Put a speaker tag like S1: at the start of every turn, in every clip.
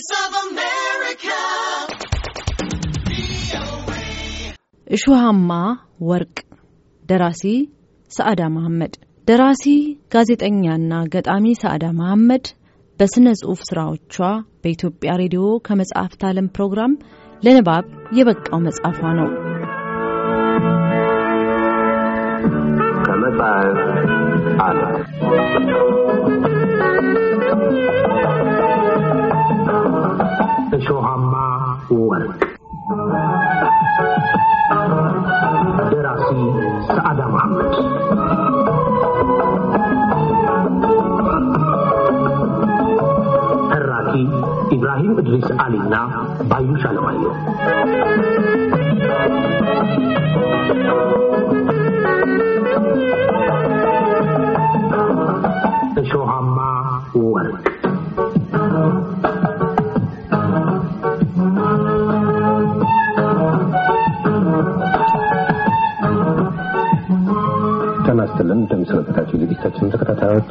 S1: voice of America. እሹሃማ ወርቅ ደራሲ ሰዓዳ መሐመድ ደራሲ ጋዜጠኛና ገጣሚ ሰዓዳ መሐመድ በስነ ጽሑፍ ስራዎቿ በኢትዮጵያ ሬዲዮ ከመጽሐፍት ዓለም ፕሮግራም ለንባብ የበቃው መጽሐፏ ነው።
S2: ከመጽሐፍ ዓለም Sohama Uwan. Derasi Saadam Hamid. Ibrahim Idris Alina Bayu Shalomayo.
S3: Sohama Uwan.
S2: የሰነበታችሁ ዝግጅታችን ተከታታዮች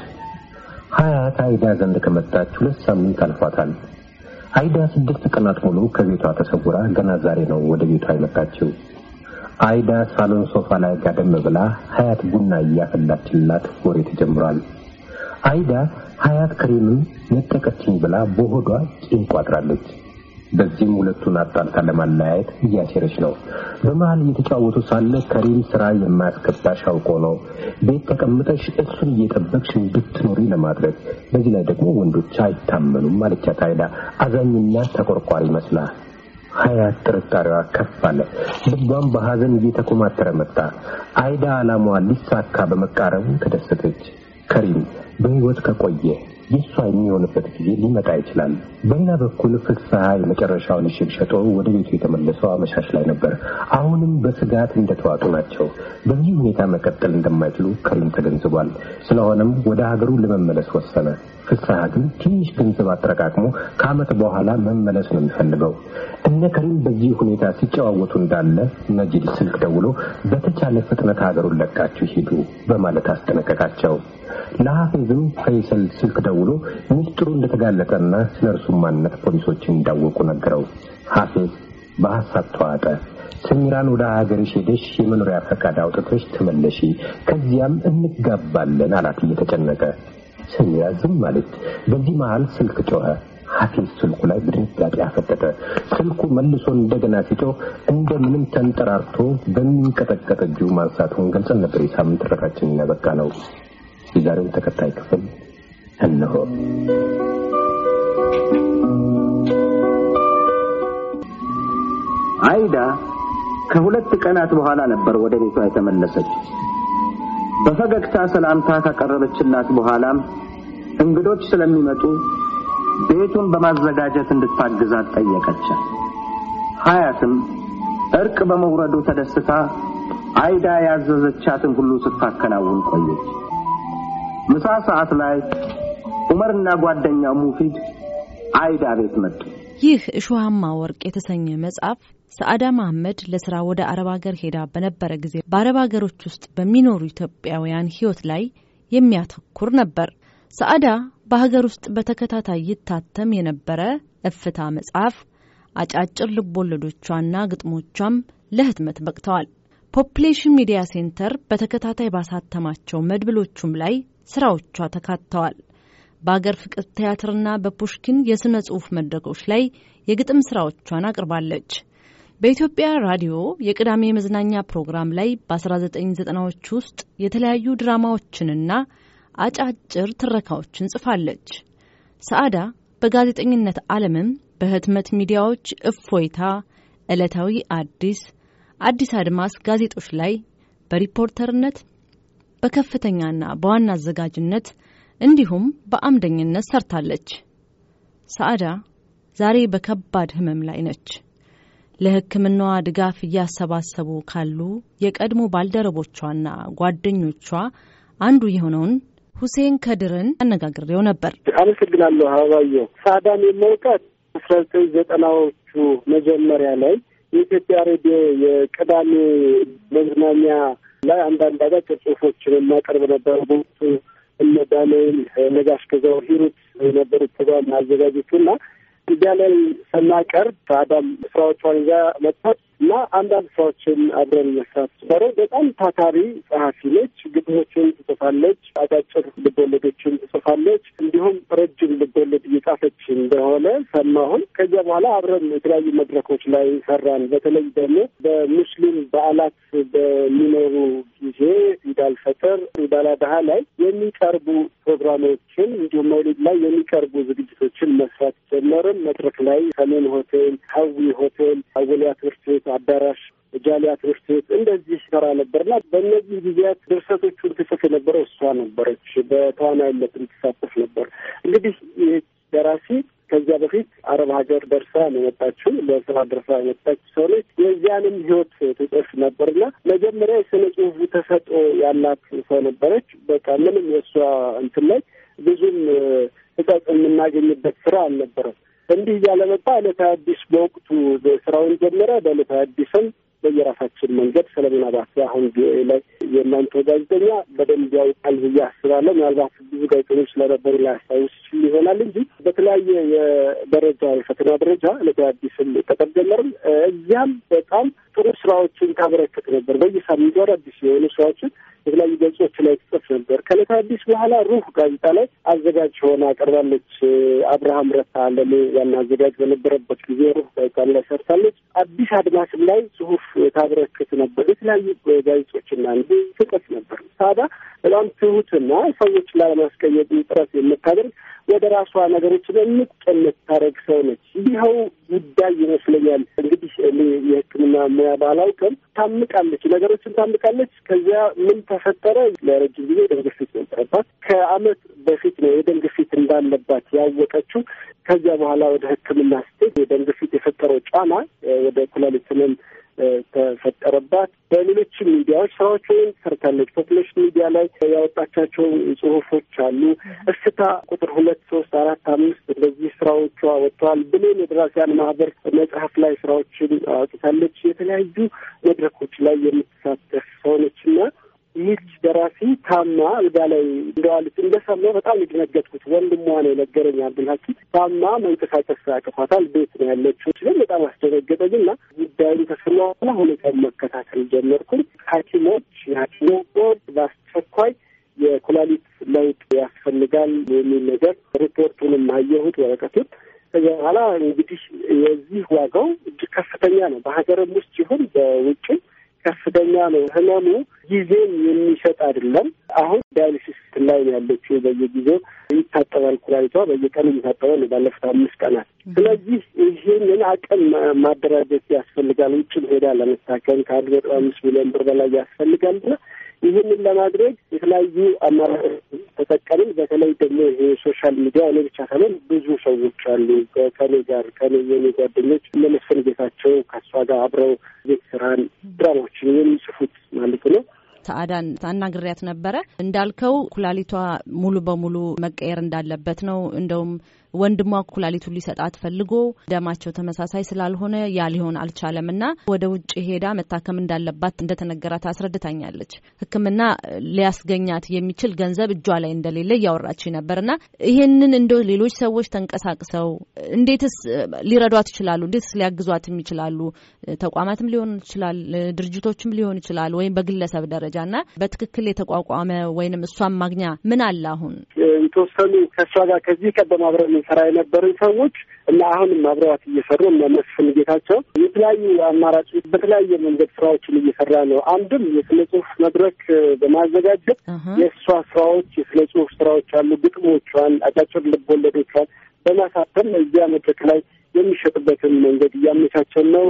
S2: ሀያት አይዳ ዘንድ ከመጣች ሁለት ሳምንት አልፏታል። አይዳ ስድስት ቀናት ሙሉ ከቤቷ ተሰውራ ገና ዛሬ ነው ወደ ቤቷ የመጣችው። አይዳ ሳሎን ሶፋ ላይ ጋደም ብላ ሀያት ቡና እያፈላችላት ወሬ ተጀምሯል። አይዳ ሀያት ክሬምም ነጠቀችኝ ብላ በሆዷ ጭን ቋጥራለች። በዚህም ሁለቱን አጣልታ ለማለያየት እያሴረች ነው። በመሀል እየተጫወቱ ሳለ ከሪም ስራ የማያስገባሽ አውቆ ነው ቤት ተቀምጠሽ እሱን እየጠበቅሽ እንድትኖሪ ለማድረግ። በዚህ ላይ ደግሞ ወንዶች አይታመኑም አለቻት አይዳ አዛኝና ተቆርቋሪ መስላ። ሀያት ጥርጣሬዋ ከፍ አለ። ልቧም በሀዘን እየተኮማተረ መጣ። አይዳ አላማዋ ሊሳካ በመቃረቡ ተደሰተች። ከሪም በሕይወት ከቆየ የእሷ የሚሆንበት ጊዜ ሊመጣ ይችላል። በሌላ በኩል ፍስሐ የመጨረሻውን እሽግ ሸጦ ወደ ቤቱ የተመለሰው አመሻሽ ላይ ነበር። አሁንም በስጋት እንደተዋጡ ናቸው። በዚህ ሁኔታ መቀጠል እንደማይችሉ ከሪም ተገንዝቧል። ስለሆነም ወደ ሀገሩ ለመመለስ ወሰነ። ፍስሐ ግን ትንሽ ገንዘብ አጠረቃቅሞ ከዓመት በኋላ መመለስ ነው የሚፈልገው። እነ ከሪም በዚህ ሁኔታ ሲጨዋወቱ እንዳለ መጅድ ስልክ ደውሎ በተቻለ ፍጥነት ሀገሩን ለቃችሁ ሂዱ በማለት አስጠነቀቃቸው። ለሀፌዝም ፈይሰል ስልክ ደውሎ ደውሎ ሚስጥሩ እንደተጋለጠና ስለ እርሱም ማንነት ፖሊሶች እንዳወቁ ነገረው። ሐሴት በሐሳብ ተዋጠ። ስሚራን ወደ ሀገርሽ ሄደሽ የመኖሪያ ፈቃድ አውጥተሽ ተመለሺ፣ ከዚያም እንጋባለን አላት እየተጨነቀ። ስሚራ ዝም አለች። በዚህ መሃል ስልክ ጮኸ። ሐፊዝ ስልኩ ላይ በድንጋጤ አፈጠጠ። ስልኩ መልሶ እንደገና ሲጮህ እንደምንም ተንጠራርቶ በሚንቀጠቀጥ እጁ ማንሳቱን ገልጸን ነበር። የሳምንት ረካችን ያበቃ ነው። የዛሬውን ተከታይ ክፍል እነሆ አይዳ ከሁለት ቀናት በኋላ ነበር ወደ ቤቷ የተመለሰች። በፈገግታ ሰላምታ ካቀረበችላት በኋላም እንግዶች ስለሚመጡ ቤቱን በማዘጋጀት እንድታግዛት ጠየቀች። ሀያትም እርቅ በመውረዱ ተደስታ አይዳ ያዘዘቻትን ሁሉ ስታከናውን ቆየች። ምሳ ሰዓት ላይ ዑመርና ጓደኛው ሙፊድ አይዳ ቤት መጡ።
S1: ይህ እሾሃማ ወርቅ የተሰኘ መጽሐፍ ሰአዳ መሐመድ ለስራ ወደ አረብ ሀገር ሄዳ በነበረ ጊዜ በአረብ ሀገሮች ውስጥ በሚኖሩ ኢትዮጵያውያን ሕይወት ላይ የሚያተኩር ነበር። ሰአዳ በሀገር ውስጥ በተከታታይ ይታተም የነበረ እፍታ መጽሐፍ አጫጭር ልቦለዶቿና ግጥሞቿም ለህትመት በቅተዋል። ፖፕሌሽን ሚዲያ ሴንተር በተከታታይ ባሳተማቸው መድብሎቹም ላይ ስራዎቿ ተካተዋል። በአገር ፍቅር ቲያትርና በፑሽኪን የሥነ ጽሑፍ መድረኮች ላይ የግጥም ሥራዎቿን አቅርባለች። በኢትዮጵያ ራዲዮ የቅዳሜ መዝናኛ ፕሮግራም ላይ በ1990ዎች ውስጥ የተለያዩ ድራማዎችንና አጫጭር ትረካዎችን ጽፋለች። ሰዓዳ በጋዜጠኝነት ዓለምም በህትመት ሚዲያዎች እፎይታ፣ ዕለታዊ አዲስ፣ አዲስ አድማስ ጋዜጦች ላይ በሪፖርተርነት በከፍተኛና በዋና አዘጋጅነት እንዲሁም በአምደኝነት ሰርታለች። ሳዕዳ ዛሬ በከባድ ህመም ላይ ነች። ለሕክምናዋ ድጋፍ እያሰባሰቡ ካሉ የቀድሞ ባልደረቦቿና ጓደኞቿ አንዱ የሆነውን ሁሴን ከድርን አነጋግሬው ነበር።
S4: አመሰግናለሁ አበባየሁ። ሳዳን የማውቃት አስራ ዘጠኝ ዘጠናዎቹ መጀመሪያ ላይ የኢትዮጵያ ሬዲዮ የቅዳሜ መዝናኛ ላይ አንዳንድ አጫጭር ጽሁፎችን የማቀርብ ነበር። እነ ዳለን ነጋሽ ሂሩት የነበሩት ፕሮግራም አዘጋጆቹ እና እዚያ ላይ ስናቀርብ አዳም ስራዎቿን ይዛ መጥፋት እና አንዳንድ ስራዎችን አብረን መስራት ጀመርን። በጣም ታታሪ ጸሐፊ ነች። ግጥሞችን ትጽፋለች፣ አጫጭር ልቦለዶችን ትጽፋለች። እንዲሁም ረጅም ልቦለድ እየጻፈች እንደሆነ ሰማሁን። ከዚያ በኋላ አብረን የተለያዩ መድረኮች ላይ ሰራን። በተለይ ደግሞ በሙስሊም በዓላት በሚኖሩ ጊዜ ኢዳል ፈጥር፣ ኢዳል አድሃ ላይ የሚቀርቡ ፕሮግራሞችን እንዲሁም መውሊድ ላይ የሚቀርቡ ዝግጅቶችን መስራት ጀመርን። መድረክ ላይ ሰሜን ሆቴል፣ ሀዊ ሆቴል፣ አወሊያ ትምህርት ቤት አዳራሽ፣ ጃሊያ ትምህርት ቤት እንደዚህ ስራ ነበር እና በእነዚህ ጊዜያት ድርሰቶቹን ትጽፍ የነበረው እሷ ነበረች። በተዋናይነት ትሳተፍ ነበር። እንግዲህ ደራሲ ከዚያ በፊት አረብ ሀገር ደርሳ የመጣችው ለስራ ደርሳ የመጣች ሰው ነች። የዚያንም ህይወት ትጽፍ ነበርና መጀመሪያ የስነ ጽሁፉ ተሰጦ ያላት ሰው ነበረች። በቃ ምንም የእሷ እንትን ላይ ብዙም እጸጥ የምናገኝበት ስራ አልነበረም። እንዲህ እያለመጣ መጣ። ዕለተ አዲስ በወቅቱ ስራውን ጀመረ። በዕለተ አዲስም በየራሳችን መንገድ ሰለሞን አባት አሁን ቪኦኤ ላይ የእናንተው ጋዜጠኛ በደንብ ያውቃል ብዬ አስባለሁ። ምናልባት ብዙ ጋዜጠኞች ስለነበሩ ላያስታውስ ይሆናል እንጂ በተለያየ የደረጃ የፈተና ደረጃ ለአዲስም ጠቀም ጀመርም እዚያም በጣም ጥሩ ስራዎችን ታበረከት ነበር። በየሳምንቱ አዳዲስ የሆኑ ስራዎችን የተለያዩ ገጾች ላይ ትጽፍ ነበር። ከዕለተ አዲስ በኋላ ሩህ ጋዜጣ ላይ አዘጋጅ ሆና ቀርባለች። አብርሃም ረታ ለሙ ዋና አዘጋጅ በነበረበት ጊዜ ሩህ ላይ ሰርታለች። አዲስ አድማስም ላይ ጽሁፍ ታበረክት ነበር። የተለያዩ ጋዜጦችና እንዲ ትቀት ነበር። ሳዳ በጣም ትሁትና ሰዎች ላለማስቀየጥ ጥረት የምታደርግ ወደ ራሷ ነገሮችን የምትጨምር ታደረግ ሰው ነች። ይኸው ጉዳይ ይመስለኛል እንግዲህ እኔ የሕክምና ሙያ ባላውቅም ታምቃለች፣ ነገሮችን ታምቃለች። ከዚያ ምን ተፈጠረ? ለረጅም ጊዜ ደም ግፊት ነበረባት። ከአመት በፊት ነው የደም ግፊት እንዳለባት ያወቀችው። ከዚያ በኋላ ወደ ሕክምና ስትሄድ የደም ግፊት የፈጠረው ጫና ወደ ኩላሊት ህመም ተፈጠረባት። በሌሎች ሚዲያዎች ስራዎች ወይም ሰርታለች። ፖፕሌሽን ሚዲያ ላይ ያወጣቻቸው ጽሁፎች አሉ። እስታ ቁጥር ሁለት ሶስት አራት አምስት እንደዚህ ስራዎቿ ወጥተዋል። ብሌን የደራሲያን ማህበር መጽሐፍ ላይ ስራዎችን አውጥታለች። የተለያዩ መድረኮች ላይ የምትሳተፍ ሰውነች እና ሚስት ደራሲ ታማ አልጋ ላይ እንደዋለች እንደሰማሁ በጣም የደነገጥኩት ወንድሟ ነው የነገረኝ። አብዱልሐኪም ታማ መንቀሳቀስ አቅፏታል፣ ቤት ነው ያለችው። ግን በጣም አስደነገጠኝና ጉዳዩን ተሰማ በኋላ ሁኔታውን መከታተል ጀመርኩኝ። ሐኪሞች የሐኪሞች ቦርድ በአስቸኳይ የኩላሊት ለውጥ ያስፈልጋል የሚል ነገር ሪፖርቱንም አየሁት ወረቀቱን። ከዚያ በኋላ እንግዲህ የዚህ ዋጋው እጅግ ከፍተኛ ነው። በሀገርም ውስጥ ይሁን በውጭም ከፍተኛ ነው ህመሙ። ጊዜን የሚሰጥ አይደለም። አሁን ዳያሊሲስ እንትን ላይ ነው ያለችው። በየጊዜው ይታጠባል፣ ኩላሊቷ በየቀኑ እየታጠበ ነው ባለፉት አምስት ቀናት። ስለዚህ ይህንን አቅም ማደራጀት ያስፈልጋል። ውጭም ሄዳ ለመታከም ከአንድ ነጥብ አምስት ሚሊዮን ብር በላይ ያስፈልጋል ያስፈልጋልና ይህንን ለማድረግ የተለያዩ አማራጭ ተጠቀምን። በተለይ ደግሞ ይሄ ሶሻል ሚዲያ እኔ ብቻ ሳይሆን ብዙ ሰዎች አሉ ከኔ ጋር ከኔ የኔ ጓደኞች እነ መስፍን ጌታቸው ከእሷ ጋር አብረው ቤት ስራን ድራማዎችን የሚጽፉት ማለት ነው
S1: አዳን አናግሪያት ነበረ። እንዳልከው ኩላሊቷ ሙሉ በሙሉ መቀየር እንዳለበት ነው እንደውም ወንድሟ ኩላሊቱን ሊሰጣት ፈልጎ ደማቸው ተመሳሳይ ስላልሆነ ያ ሊሆን አልቻለም እና ወደ ውጭ ሄዳ መታከም እንዳለባት እንደተነገራት አስረድታኛለች። ሕክምና ሊያስገኛት የሚችል ገንዘብ እጇ ላይ እንደሌለ እያወራች ነበርና ይሄንን እንደ ሌሎች ሰዎች ተንቀሳቅሰው እንዴትስ ሊረዷት ይችላሉ? እንዴትስ ሊያግዟትም ይችላሉ? ተቋማትም ሊሆን ይችላል፣ ድርጅቶችም ሊሆን ይችላል፣ ወይም በግለሰብ ደረጃ እና በትክክል የተቋቋመ ወይንም እሷን ማግኛ ምን አለ አሁን
S4: የተወሰኑ ከእሷ ጋር ከዚህ ቀደም አብረን ስንሰራ የነበርን ሰዎች እና አሁንም አብረዋት እየሰሩ እነ መስፍን ጌታቸው የተለያዩ አማራጭ በተለያየ መንገድ ስራዎችን እየሰራ ነው። አንድም የስነ ጽሁፍ መድረክ በማዘጋጀት የእሷ ስራዎች የስነ ጽሁፍ ስራዎች አሉ። ግጥሞቿን፣ አጫጭር ልብ ወለዶቿን በማሳተም እዚያ መድረክ ላይ የሚሸጥበትን መንገድ እያመቻቸን ነው።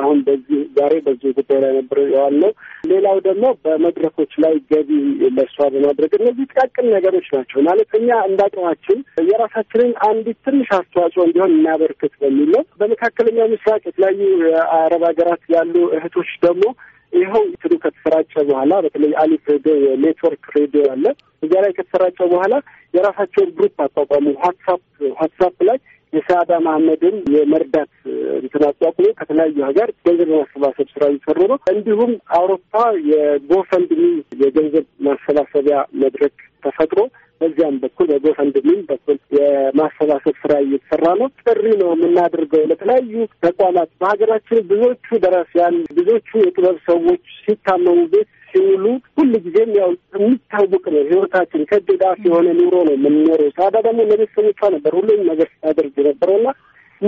S4: አሁን በዚህ ዛሬ በዚህ ጉዳይ ላይ ነበር የዋልነው። ሌላው ደግሞ በመድረኮች ላይ ገቢ ለእሷ በማድረግ እነዚህ ጥቃቅን ነገሮች ናቸው ማለት እኛ እንዳቅማችን የራሳችንን አንዲት ትንሽ አስተዋጽኦ እንዲሆን እናበርክት በሚል ነው። በመካከለኛ ምስራቅ የተለያዩ አረብ ሀገራት ያሉ እህቶች ደግሞ ይኸው ትሉ ከተሰራጨ በኋላ በተለይ አሊፍ ሬዲዮ የኔትወርክ ሬዲዮ አለ። እዚያ ላይ ከተሰራጨ በኋላ የራሳቸውን ግሩፕ አቋቋሙ። ዋትሳፕ ዋትሳፕ ላይ የሳዳ መሀመድን የመርዳት እንትን አቋቁሞ ከተለያዩ ሀገር ገንዘብ የማሰባሰብ ስራ እየሰሩ ነው። እንዲሁም አውሮፓ የጎፈንድሚ የገንዘብ ማሰባሰቢያ መድረክ ተፈጥሮ በዚያም በኩል በጎፈንድሚም በኩል የማሰባሰብ ስራ እየተሰራ ነው። ጥሪ ነው የምናደርገው ለተለያዩ ተቋማት በሀገራችን ብዙዎቹ ደራሲያን፣ ብዙዎቹ የጥበብ ሰዎች ሲታመሙ ቤት ሲውሉ ሁል ጊዜም ያው የሚታወቅ ነው ህይወታችን ከድዳፍ የሆነ ኑሮ ነው የምንኖረው። ሳዳ ደግሞ ለቤተሰቦቿ ነበር ሁሉም ነገር ስታደርግ የነበረውና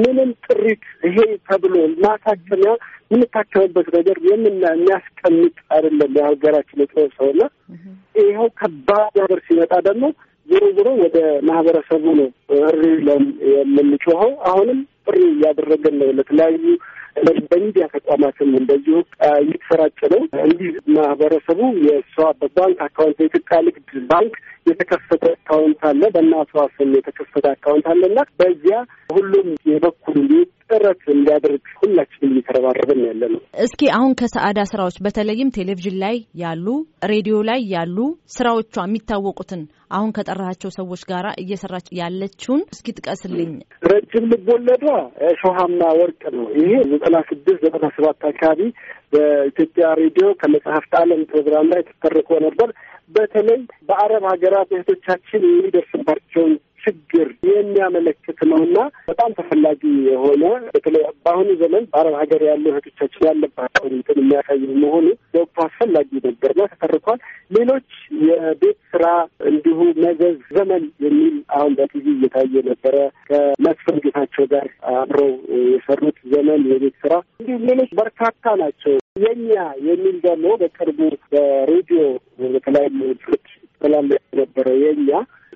S4: ምንም ጥሪት ይሄ ተብሎ ማሳከሚያ የምንታከምበት ነገር የምና የሚያስቀምጥ አይደለም የሀገራችን የጥበብ ሰው ሰውና ይኸው ከባድ ነገር ሲመጣ ደግሞ ዞሮ ዞሮ ወደ ማህበረሰቡ ነው እሪ የምንጮኸው። አሁንም ጥሪ እያደረገን ነው ለተለያዩ በሚዲያ ተቋማትም እንደዚሁ እየተሰራጨ ነው። እንዲህ ማህበረሰቡ የእሷ በባንክ አካውንት የኢትዮጵያ ንግድ ባንክ የተከፈተ አካውንት አለ፣ በእናቷ ስም የተከፈተ አካውንት አለ እና በዚያ ሁሉም የበኩሉ ጥረት እንዲያደርግ ሁላችንም እየተረባረብን ያለ ነው።
S1: እስኪ አሁን ከሰአዳ ስራዎች በተለይም ቴሌቪዥን ላይ ያሉ፣ ሬዲዮ ላይ ያሉ ስራዎቿ የሚታወቁትን አሁን ከጠራቸው ሰዎች ጋር እየሰራች ያለችውን እስኪ ጥቀስልኝ።
S4: ረጅም ልቦለዷ ሾሀምና ወርቅ ነው። ይሄ ዘጠና ስድስት ዘጠና ሰባት አካባቢ በኢትዮጵያ ሬዲዮ ከመጽሐፍት ዓለም ፕሮግራም ላይ ተተርኮ ነበር። በተለይ በአረብ ሀገራት እህቶቻችን የሚደርስባቸውን ችግር የሚያመለክት ነው እና በጣም ተፈላጊ የሆነ በተለይ በአሁኑ ዘመን በአረብ ሀገር ያሉ እህቶቻችን ያለባቸውን እንትን የሚያሳይ መሆኑ ለወቅቱ አስፈላጊ ነገርና ተተርኳል። ሌሎች የቤት ስራ እንዲሁ መዘዝ ዘመን የሚል አሁን በቲቪ እየታየ ነበረ ከመስፍን ጌታቸው ጋር አብረው የሰሩት ዘመን የቤት ስራ እንዲሁም ሌሎች በርካታ ናቸው። የኛ የሚል ደግሞ በቅርቡ በሬዲዮ በተለያዩ ትላለች ነበረ የኛ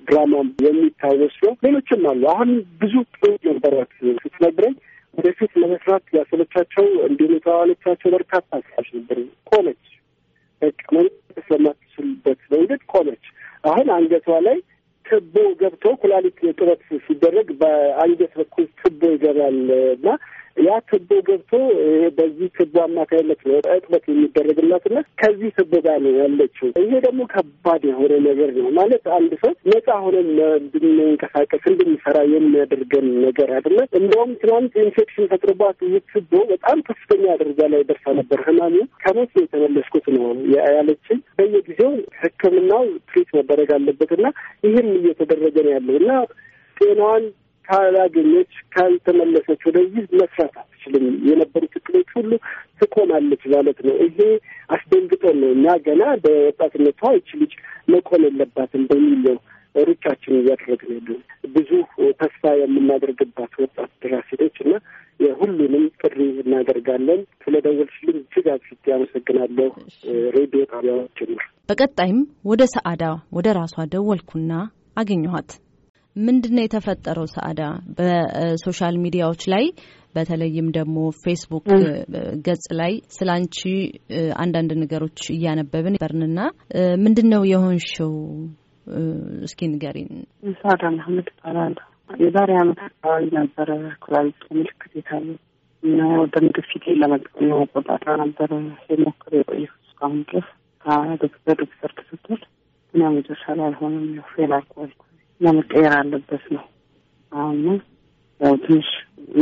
S4: ድራማም የሚታወስ ነው። ሌሎችም አሉ። አሁን ብዙ ጥሩ ነበራት ስትነግረኝ ወደፊት ለመስራት ያሰበቻቸው እንዲሁም የተዋለቻቸው በርካታ ስራች ነበር። ቆመች፣ በቃ መንቀሳቀስ ስለማትችልበት መንገድ ቆመች። አሁን አንገቷ ላይ ትቦ ገብቶ ኩላሊት ጥበት ሲደረግ በአንገት በኩል ትቦ ይገባል እና ያ ትቦ ገብቶ በዚህ ትቦ አማካይነት እጥበት የሚደረግላትና ከዚህ ትቦ ጋር ነው ያለችው። ይሄ ደግሞ ከባድ የሆነ ነገር ነው ማለት አንድ ሰው ነጻ ሆነን እንድንንቀሳቀስ እንድንሰራ የሚያደርገን ነገር አይደለ። እንደውም ትናንት ኢንፌክሽን ፈጥሮባት ይህ ትቦ በጣም ከፍተኛ ደረጃ ላይ ደርሳ ነበር። ህማሚ ከሞት የተመለስኩት ነው ያለችኝ። በየጊዜው ህክምናው ትሪት መደረግ አለበት አለበትና ይህም እየተደረገ ነው ያለው እና ጤናዋን ካላገኘች፣ ካልተመለሰች ወደዚህ መስራት አትችልም፣ የነበሩ ችግሮች ሁሉ ትቆማለች ማለት ነው። ይሄ አስደንግጦ ነው እና ገና በወጣትነቷ ይች ልጅ መቆም የለባትም በሚል ነው ሩጫችን እያደረግን ያለን ብዙ ተስፋ የምናደርግባት ወጣት ደራሲዎች እና የሁሉንም ጥሪ እናደርጋለን። ስለደወልሽልኝ እጅግ አብዝቼ አመሰግናለሁ። ሬዲዮ ጣቢያዎች ጭምር።
S1: በቀጣይም ወደ ሰአዳ ወደ ራሷ ደወልኩና አገኘኋት። ምንድን የተፈጠረው? ሰአዳ በሶሻል ሚዲያዎች ላይ በተለይም ደግሞ ፌስቡክ ገጽ ላይ ስለ አንቺ አንዳንድ ነገሮች እያነበብን በርንና ምንድን ነው የሆንሽው? እስኪ ንገሪን።
S3: ሳዳ መሀመድ እባላለሁ። የዛሬ አመት አካባቢ ነበረ ኩላሊት ምልክት የታየ እና ወደ ምግብ ፊቴን ለመጠቀም ነበረ የሞክር የቆየ እስካሁን ድረስ ከዶክተር ዶክተር ተሰጥቶል እና መጨረሻ ላይ አልሆነም። ፌል አልኩ አልኩ መቀየር አለበት ነው። አሁን ያው ትንሽ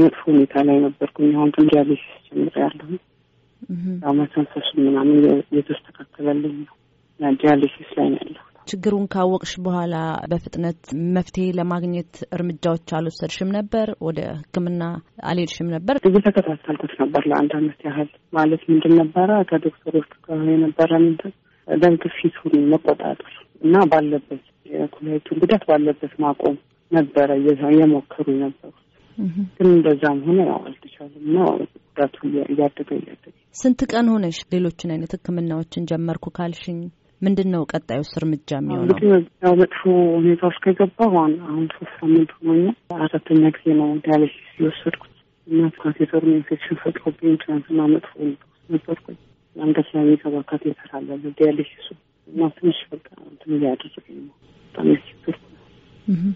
S3: መጥፎ ሁኔታ ላይ ነበርኩኝ። አሁን ጀምር ያለሁ ያው ምናምን የተስተካከለልኝ ነው። ዲያሊሲስ ላይ ነው ያለሁ።
S1: ችግሩን ካወቅሽ በኋላ በፍጥነት መፍትሄ ለማግኘት እርምጃዎች አልወሰድሽም ነበር? ወደ ሕክምና አልሄድሽም ነበር? እየተከታተልኩት
S3: ነበር ለአንድ አመት ያህል። ማለት ምንድን ነበረ ከዶክተሮች ጋር የነበረ ምንድን ደም ግፊቱን መቆጣጠር እና ባለበት የኩላሊቱን ጉዳት ባለበት ማቆም ነበረ የሞከሩ ነበሩት። ግን እንደዛም ሆነ ያው
S1: አልተቻለም እና
S3: ጉዳቱ እያደገ እያደገ
S1: ስንት ቀን ሆነሽ ሌሎችን አይነት ህክምናዎችን ጀመርኩ ካልሽኝ ምንድን ነው ቀጣዩ እርምጃ የሚሆነው? ያው
S3: መጥፎ ሁኔታ ውስጥ ከገባ አሁን አሁን ሶስት ሳምንት ሆኖኛል። አራተኛ ጊዜ ነው ዲያሊሲስ የወሰድኩት እና ካቴተሩ ኢንፌክሽን ፈጥሮብኝ ትናንትና መጥፎ ሁኔታ ውስጥ ነበርኩኝ። አንገት ላይ የሚገባ ካቴተር አለ ዲያሊሲሱ እና ትንሽ በቃ እንትን እያደረገኝ ነው በጣም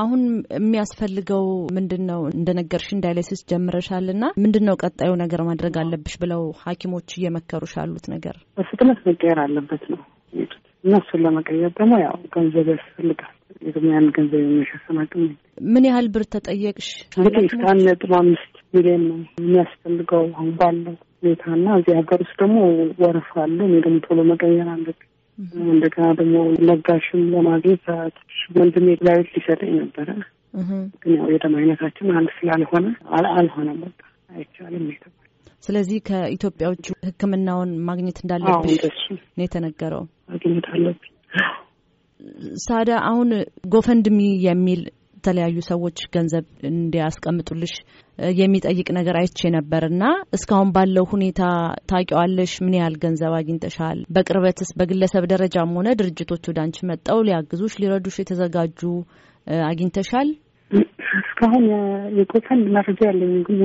S1: አሁን የሚያስፈልገው ምንድን ነው? እንደነገርሽን ዳያሊሲስ ጀምረሻል እና ምንድን ነው ቀጣዩ ነገር ማድረግ አለብሽ ብለው ሐኪሞች እየመከሩሽ ያሉት ነገር
S3: በፍጥነት መቀየር አለበት ነው እና እሱን ለመቀየር ደግሞ ያው ገንዘብ ያስፈልጋል። ያን ገንዘብ የሚሸፍን አቅም
S1: ምን ያህል ብር ተጠየቅሽ? እንግዲህ እስከ አንድ
S3: ነጥብ አምስት ሚሊዮን ነው የሚያስፈልገው አሁን ባለው ሁኔታ እና እዚህ ሀገር ውስጥ ደግሞ ወረፋ አለ። እኔ ደግሞ ቶሎ መቀየር አለብኝ። እንደገና ደግሞ ለጋሽም ለማግኘት ወንድሜ ላይት ሊሰጠኝ ነበረ፣ ግን ያው የደም አይነታችን አንድ ስላልሆነ አልሆነም። በቃ አይቻልም።
S1: ስለዚህ ከኢትዮጵያዎቹ ሕክምናውን ማግኘት እንዳለብሽ ነው የተነገረው። ማግኘት አለብኝ። ሳዳ አሁን ጎፈንድሚ የሚል ከተለያዩ ሰዎች ገንዘብ እንዲያስቀምጡልሽ የሚጠይቅ ነገር አይቼ ነበር እና እስካሁን ባለው ሁኔታ ታውቂዋለሽ? ምን ያህል ገንዘብ አግኝተሻል? በቅርበትስ በግለሰብ ደረጃም ሆነ ድርጅቶች ወደ አንቺ መጠው ሊያግዙሽ ሊረዱሽ የተዘጋጁ አግኝተሻል? እስካሁን የቆሰን መረጃ
S3: ያለኝ ግን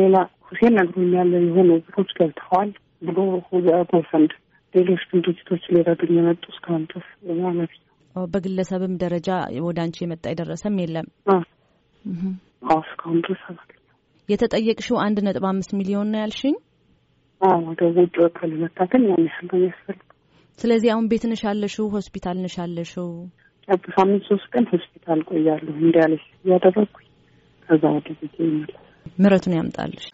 S3: ሌላ ሁሴን ነግሮኛል። የሆኑ ቦታዎች ገብተዋል ብሎ
S1: ኮንፈንድ ሌሎች ግን ድርጅቶች ሊረዱኝ የመጡ እስካሁን ድረስ ማለት በግለሰብም ደረጃ ወደ አንቺ የመጣ የደረሰም የለም። እስካሁን ድረስ የተጠየቅሽው አንድ ነጥብ አምስት ሚሊዮን ነው ያልሽኝ።
S3: ወደ ውጭ ወጥቶ
S1: ለመታከም ያን ያህል ነው የሚያስፈልግ። ስለዚህ አሁን ቤት ነሽ ያለሽው? ሆስፒታል ነሽ ያለሽው? ሳምንት ሶስት ቀን ሆስፒታል ቆያለሁ እንዲያለሽ እያደረግኩኝ
S3: ከዛ ወደ ቤት ይመለስ። ምረቱን
S1: ያምጣልሽ።